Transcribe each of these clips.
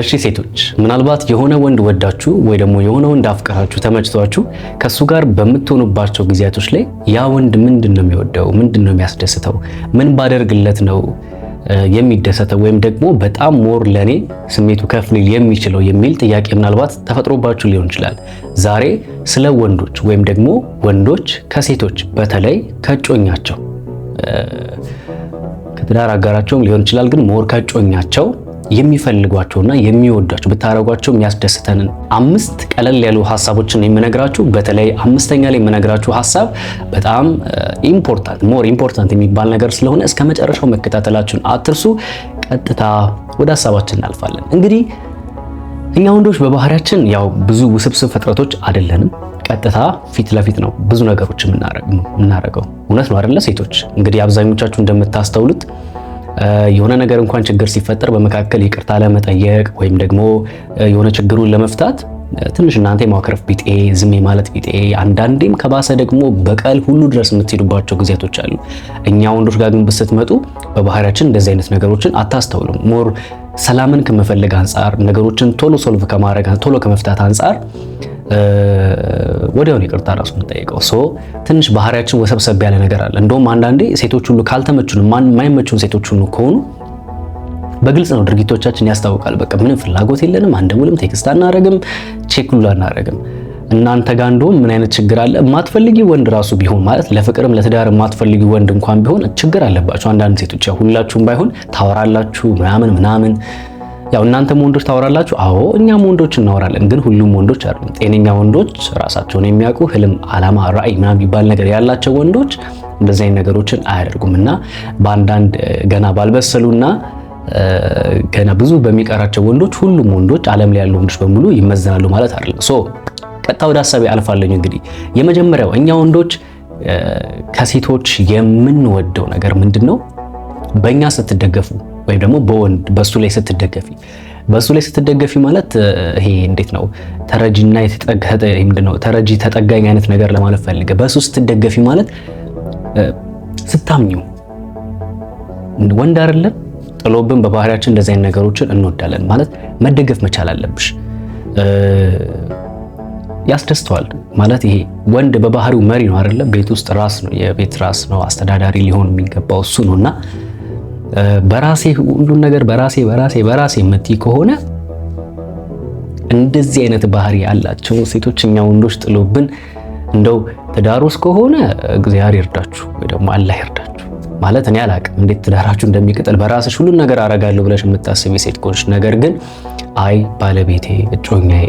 እሺ ሴቶች ምናልባት የሆነ ወንድ ወዳችሁ ወይ ደግሞ የሆነ ወንድ አፍቀራችሁ ተመችቷችሁ ከሱ ጋር በምትሆኑባቸው ጊዜያቶች ላይ ያ ወንድ ምንድን ነው የሚወደው? ምንድን ነው የሚያስደስተው? ምን ባደርግለት ነው የሚደሰተው? ወይም ደግሞ በጣም ሞር ለኔ ስሜቱ ከፍ ሊል የሚችለው የሚል ጥያቄ ምናልባት ተፈጥሮባችሁ ሊሆን ይችላል። ዛሬ ስለ ወንዶች ወይም ደግሞ ወንዶች ከሴቶች በተለይ ከእጮኛቸው ከትዳር አጋራቸውም ሊሆን ይችላል ግን ሞር ከእጮኛቸው የሚፈልጓቸውና የሚወዷቸው ብታደረጓቸው የሚያስደስተንን አምስት ቀለል ያሉ ሀሳቦችን የምነግራችሁ በተለይ አምስተኛ ላይ የምነግራችሁ ሀሳብ በጣም ኢምፖርታንት ሞር ኢምፖርታንት የሚባል ነገር ስለሆነ እስከ መጨረሻው መከታተላችሁን አትርሱ። ቀጥታ ወደ ሀሳባችን እናልፋለን። እንግዲህ እኛ ወንዶች በባህሪያችን ያው ብዙ ውስብስብ ፍጥረቶች አይደለንም። ቀጥታ ፊት ለፊት ነው ብዙ ነገሮች የምናረገው። እውነት ነው አይደለ? ሴቶች እንግዲህ አብዛኞቻችሁ እንደምታስተውሉት የሆነ ነገር እንኳን ችግር ሲፈጠር በመካከል ይቅርታ ለመጠየቅ ወይም ደግሞ የሆነ ችግሩን ለመፍታት ትንሽ እናንተ የማክረፍ ቢጤ ዝም ማለት ቢጤ፣ አንዳንዴም ከባሰ ደግሞ በቀል ሁሉ ድረስ የምትሄዱባቸው ጊዜያቶች አሉ። እኛ ወንዶች ጋር ግን ስትመጡ በባህሪያችን እንደዚህ አይነት ነገሮችን አታስተውሉም። ሞር ሰላምን ከመፈለግ አንጻር ነገሮችን ቶሎ ሶልቭ ከማድረግ ቶሎ ከመፍታት አንጻር ወዲያውን ይቅርታ ራሱ የምንጠይቀው ሶ ትንሽ ባህሪያችን ወሰብሰብ ያለ ነገር አለ። እንደውም አንዳንዴ ሴቶች ሁሉ ካልተመቹን የማይመቹን ሴቶች ሁሉ ከሆኑ በግልጽ ነው ድርጊቶቻችን ያስታውቃል። በቃ ምንም ፍላጎት የለንም፣ አንደውልም፣ ቴክስት አናረግም፣ ቼክ ሁሉ አናረግም። እናንተ ጋር እንደውም ምን አይነት ችግር አለ? የማትፈልጊ ወንድ ራሱ ቢሆን ማለት ለፍቅርም ለትዳር የማትፈልጊ ወንድ እንኳን ቢሆን ችግር አለባቸው አንዳንድ ሴቶች። ሁላችሁም ባይሆን ታወራላችሁ ምናምን ምናምን ያው እናንተም ወንዶች ታወራላችሁ። አዎ እኛም ወንዶች እናወራለን፣ ግን ሁሉም ወንዶች አይደሉም። ጤነኛ ወንዶች ራሳቸውን የሚያውቁ ህልም፣ አላማ፣ ራዕይ ምናምን የሚባል ነገር ያላቸው ወንዶች እንደዚህ አይነት ነገሮችን አያደርጉም እና በአንዳንድ ገና ባልበሰሉና ገና ብዙ በሚቀራቸው ወንዶች ሁሉም ወንዶች ዓለም ላይ ያሉ ወንዶች በሙሉ ይመዘናሉ ማለት አይደለም። ሶ ቀጥታ ወደ ሀሳቤ አልፋለኝ። እንግዲህ የመጀመሪያው እኛ ወንዶች ከሴቶች የምንወደው ነገር ምንድን ነው? በእኛ ስትደገፉ ወይም ደግሞ በወንድ በሱ ላይ ስትደገፊ በሱ ላይ ስትደገፊ ማለት ይሄ እንዴት ነው? ተረጂና ምንድነው ተረጂ ተጠጋኝ አይነት ነገር ለማለት ፈልገ። በሱ ስትደገፊ ማለት ስታምኙ ወንድ አይደለም ጥሎብን በባህሪያችን እንደዚህ አይነት ነገሮችን እንወዳለን ማለት መደገፍ መቻል አለብሽ። ያስደስተዋል ማለት ይሄ ወንድ በባህሪው መሪ ነው አይደለም። ቤት ውስጥ ራስ ነው፣ የቤት ራስ ነው፣ አስተዳዳሪ ሊሆን የሚገባው እሱ ነውና በራሴ ሁሉን ነገር በራሴ በራሴ በራሴ የምትይ ከሆነ እንደዚህ አይነት ባህሪ ያላቸው ሴቶች እኛ ወንዶች ጥሎብን እንደው ትዳር ውስጥ ከሆነ እግዚአብሔር ይርዳችሁ ወይ ደግሞ አላህ ይርዳችሁ። ማለት እኔ አላቅም እንዴት ትዳራችሁ እንደሚቀጥል በራስሽ ሁሉን ነገር አረጋለሁ ብለሽ የምታስብ ሴት ከሆንሽ፣ ነገር ግን አይ ባለቤቴ፣ እጮኛዬ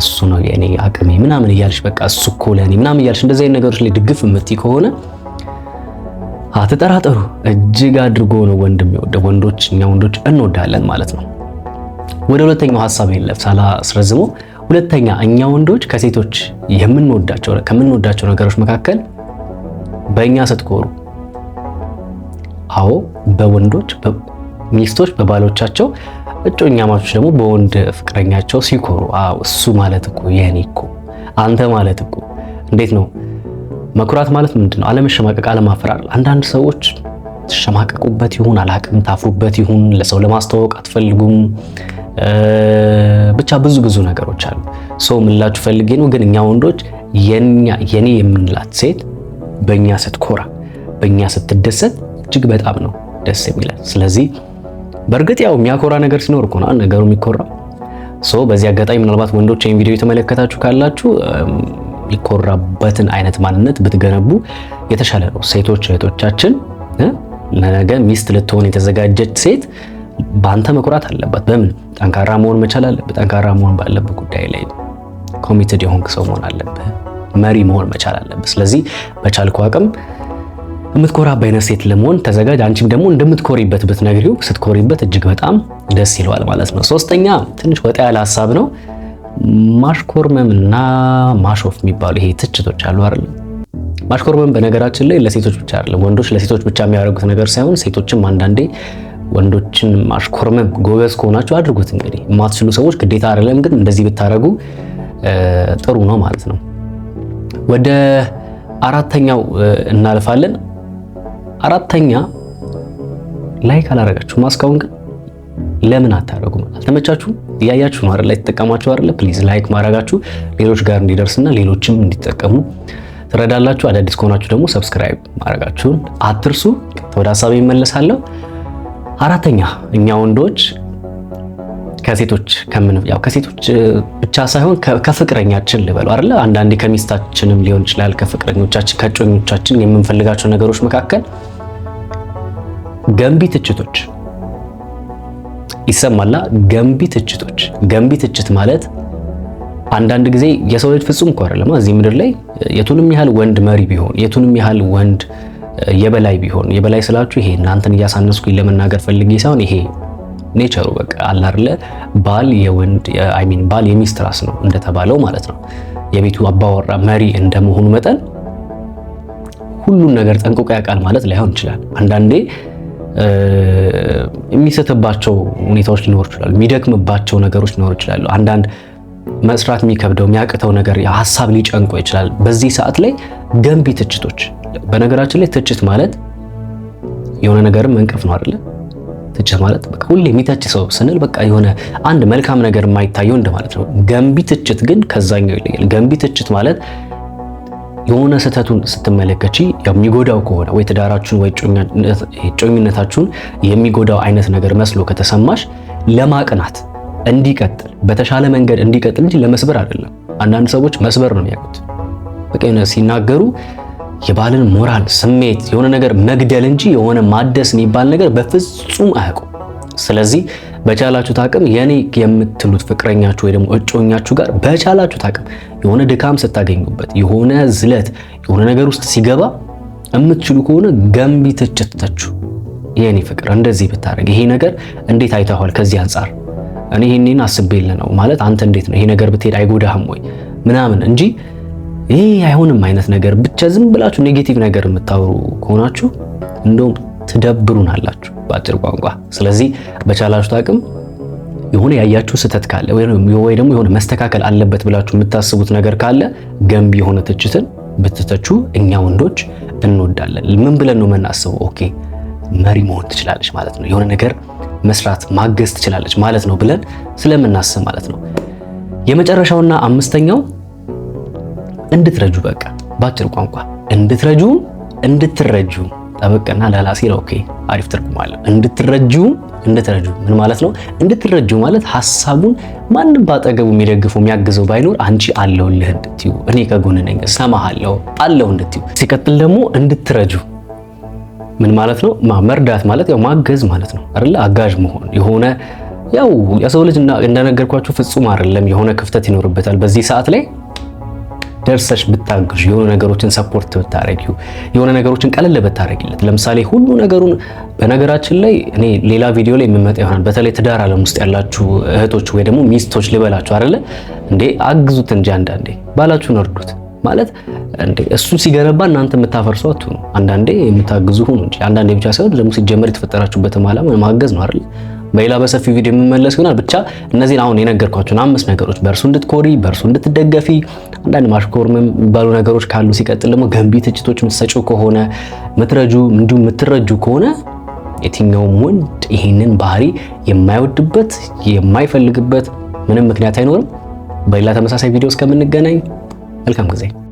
እሱ ነው የኔ አቅሜ ምናምን እያልሽ በቃ እሱ እኮ ለኔ ምናምን እያልሽ እንደዚህ አይነት ነገሮች ላይ ድግፍ የምትይ ከሆነ አትጠራጠሩ። እጅግ አድርጎ ነው ወንድም የወደ ወንዶች እኛ ወንዶች እንወዳለን ማለት ነው። ወደ ሁለተኛው ሀሳብ የለፍ ሳላስረዝሞ፣ ሁለተኛ እኛ ወንዶች ከሴቶች የምንወዳቸው ከምንወዳቸው ነገሮች መካከል በእኛ ስትኮሩ። አዎ በወንዶች ሚስቶች በባሎቻቸው እጮኛ ማቾች ደግሞ በወንድ ፍቅረኛቸው ሲኮሩ፣ አዎ እሱ ማለት እኮ የኔ እኮ አንተ ማለት እኮ እንዴት ነው መኩራት ማለት ምንድን ነው? አለመሸማቀቅ፣ አለማፈራር። አንዳንድ ሰዎች ትሸማቀቁበት ይሁን አላቅም፣ ታፍሩበት ይሁን ለሰው ለማስተዋወቅ አትፈልጉም። ብቻ ብዙ ብዙ ነገሮች አሉ። ሰው ምላችሁ ፈልጌ ነው ግን እኛ ወንዶች የኔ የምንላት ሴት በእኛ ስትኮራ፣ በእኛ ስትደሰት እጅግ በጣም ነው ደስ የሚለን። ስለዚህ በእርግጥ ያው የሚያኮራ ነገር ሲኖር እኮ ነገሩ የሚኮራ። በዚህ አጋጣሚ ምናልባት ወንዶች ይህን ቪዲዮ የተመለከታችሁ ካላችሁ የሚኮራበትን አይነት ማንነት ብትገነቡ የተሻለ ነው። ሴቶች እህቶቻችን ነገ ሚስት ልትሆን የተዘጋጀች ሴት በአንተ መኩራት አለባት። በምን ጠንካራ መሆን መቻል አለብህ። ጠንካራ መሆን ባለብህ ጉዳይ ላይ ኮሚትድ የሆንክ ሰው መሆን አለብህ። መሪ መሆን መቻል አለብህ። ስለዚህ በቻልኩ አቅም የምትኮራ አይነት ሴት ለመሆን ተዘጋጅ። አንቺም ደግሞ እንደምትኮሪበት ብትነግሪው ስትኮሪበት እጅግ በጣም ደስ ይለዋል ማለት ነው። ሶስተኛ ትንሽ ወጣ ያለ ሀሳብ ነው። ማሽኮርመምና ማሾፍ የሚባሉ ይሄ ትችቶች አሉ አይደል? ማሽኮርመም በነገራችን ላይ ለሴቶች ብቻ አይደለም፣ ወንዶች ለሴቶች ብቻ የሚያደርጉት ነገር ሳይሆን ሴቶችም አንዳንዴ ወንዶችን ማሽኮርመም ጎበዝ ከሆናችሁ አድርጉት። እንግዲህ የማትችሉ ሰዎች ግዴታ አይደለም፣ ግን እንደዚህ ብታደርጉ ጥሩ ነው ማለት ነው። ወደ አራተኛው እናልፋለን። አራተኛ ላይክ አላረጋችሁም እስካሁን ግን ለምን አታደርጉም? አልተመቻችሁ? እያያችሁ ነው አይደል? ላይ ተጠቀማችሁ አይደል? ፕሊዝ ላይክ ማድረጋችሁ ሌሎች ጋር እንዲደርስና ሌሎችም እንዲጠቀሙ ትረዳላችሁ። አዳዲስ ከሆናችሁ ደግሞ ሰብስክራይብ ማድረጋችሁን አትርሱ። ወደ ሀሳቤ ይመለሳለሁ። አራተኛ እኛ ወንዶች ከሴቶች ከምን ያው ከሴቶች ብቻ ሳይሆን ከፍቅረኛችን ልበሉ አይደለ፣ አንዳንዴ ከሚስታችንም ሊሆን ይችላል፣ ከፍቅረኞቻችን ከጮኞቻችን የምንፈልጋቸው ነገሮች መካከል ገንቢ ትችቶች ይሰማላ። ገንቢ ትችቶች። ገንቢ ትችት ማለት አንዳንድ ጊዜ የሰው ልጅ ፍጹም እኮ አይደለም። እዚህ ምድር ላይ የቱንም ያህል ወንድ መሪ ቢሆን፣ የቱንም ያህል ወንድ የበላይ ቢሆን፣ የበላይ ስላችሁ ይሄ እናንተን እያሳነስኩኝ ለመናገር ፈልጌ ሳይሆን ይሄ ኔቸሩ በቃ አለ አይደለ። ባል የወንድ አይ ሚን ባል የሚስት ራስ ነው እንደተባለው ማለት ነው። የቤቱ አባወራ መሪ እንደመሆኑ መጠን ሁሉን ነገር ጠንቅቆ ያውቃል ማለት ላይሆን ይችላል አንዳንዴ የሚሰትባቸው ሁኔታዎች ሊኖሩ ይችላሉ። የሚደክምባቸው ነገሮች ሊኖሩ ይችላሉ። አንዳንድ መስራት የሚከብደው የሚያቅተው ነገር ሀሳብ ሊጨንቆ ይችላል። በዚህ ሰዓት ላይ ገንቢ ትችቶች። በነገራችን ላይ ትችት ማለት የሆነ ነገርም መንቀፍ ነው አይደለ? ትችት ማለት በቃ ሁሌ የሚተች ሰው ስንል በቃ የሆነ አንድ መልካም ነገር የማይታየው እንደማለት ነው። ገንቢ ትችት ግን ከዛኛው ይለያል። ገንቢ ትችት ማለት የሆነ ስህተቱን ስትመለከቺ የሚጎዳው ከሆነ ወይ ትዳራችሁን ወይ ጮኝነታችሁን የሚጎዳው አይነት ነገር መስሎ ከተሰማሽ ለማቅናት እንዲቀጥል በተሻለ መንገድ እንዲቀጥል እንጂ ለመስበር አይደለም። አንዳንድ ሰዎች መስበር ነው የሚያውቁት። በቃ ሲናገሩ የባልን ሞራል፣ ስሜት የሆነ ነገር መግደል እንጂ የሆነ ማደስ የሚባል ነገር በፍጹም አያውቁም። ስለዚህ በቻላችሁት አቅም የኔ የምትሉት ፍቅረኛችሁ ወይ ደግሞ እጮኛችሁ ጋር በቻላችሁት አቅም የሆነ ድካም ስታገኙበት፣ የሆነ ዝለት፣ የሆነ ነገር ውስጥ ሲገባ የምትችሉ ከሆነ ገንቢ ትችትታችሁ የኔ ፍቅር እንደዚህ ብታደርግ ይሄ ነገር እንዴት አይተዋል? ከዚህ አንጻር እኔ ይሄንን አስቤል ነው ማለት አንተ እንዴት ነው ይሄ ነገር ብትሄድ አይጎዳህም ወይ ምናምን እንጂ ይሄ አይሆንም አይነት ነገር ብቻ ዝም ብላችሁ ኔጌቲቭ ነገር የምታወሩ ከሆናችሁ እንደውም ትደብሩናላችሁ በአጭር ቋንቋ። ስለዚህ በቻላችሁት አቅም የሆነ ያያችሁ ስህተት ካለ ወይ ደግሞ የሆነ መስተካከል አለበት ብላችሁ የምታስቡት ነገር ካለ ገንቢ የሆነ ትችትን ብትተቹ እኛ ወንዶች እንወዳለን። ምን ብለን ነው የምናስበው? ኦኬ መሪ መሆን ትችላለች ማለት ነው፣ የሆነ ነገር መስራት ማገዝ ትችላለች ማለት ነው ብለን ስለምናስብ ማለት ነው። የመጨረሻውና አምስተኛው እንድትረጁ በቃ በአጭር ቋንቋ እንድትረጁ እንድትረጁ ጠበቅና ላላ ሲል ኦኬ አሪፍ ትርጉም አለ። እንድትረጁ እንድትረጁ ምን ማለት ነው? እንድትረጁ ማለት ሀሳቡን ማንም ባጠገቡ የሚደግፈው የሚያግዘው ባይኖር አንቺ አለሁልህ እንድትዩ፣ እኔ ከጎን ነኝ፣ እሰማሃለሁ አለሁ እንድትዩ። ሲቀጥል ደግሞ እንድትረጁ ምን ማለት ነው? መርዳት ማለት ያው ማገዝ ማለት ነው አይደለ? አጋዥ መሆን የሆነ ያው የሰው ልጅ እንደነገርኳችሁ ፍጹም አይደለም፣ የሆነ ክፍተት ይኖርበታል በዚህ ሰዓት ላይ ደርሰሽ ብታግዥ የሆነ ነገሮችን ሰፖርት ብታረጊው የሆነ ነገሮችን ቀለል ብታረጊለት። ለምሳሌ ሁሉ ነገሩን በነገራችን ላይ እኔ ሌላ ቪዲዮ ላይ የምመጣ ይሆናል። በተለይ ትዳር ዓለም ውስጥ ያላችሁ እህቶች ወይ ደግሞ ሚስቶች ልበላችሁ አይደለ እንዴ፣ አግዙት እንጂ አንዳንዴ ባላችሁን እርዱት ማለት እንዴ፣ እሱ ሲገነባ እናንተ የምታፈርሱ አትሁኑ። አንዳንዴ የምታግዙ ሁኑ እንጂ አንዳንዴ ብቻ ሳይሆን ደግሞ ሲጀመር የተፈጠራችሁበትም ዓላማ ማገዝ ነው አይደል በሌላ በሰፊው ቪዲዮ የምመለስ ይሆናል። ብቻ እነዚህን አሁን የነገርኳችሁን አምስት ነገሮች በእርሱ እንድትኮሪ፣ በእርሱ እንድትደገፊ፣ አንዳንድ ማሽኮርምም የሚባሉ ነገሮች ካሉ፣ ሲቀጥል ደግሞ ገንቢ ትችቶች የምትሰጪው ከሆነ ምትረጁ እንዲሁም የምትረጁ ከሆነ የትኛውም ወንድ ይህንን ባህሪ የማይወድበት የማይፈልግበት ምንም ምክንያት አይኖርም። በሌላ ተመሳሳይ ቪዲዮ እስከምንገናኝ መልካም ጊዜ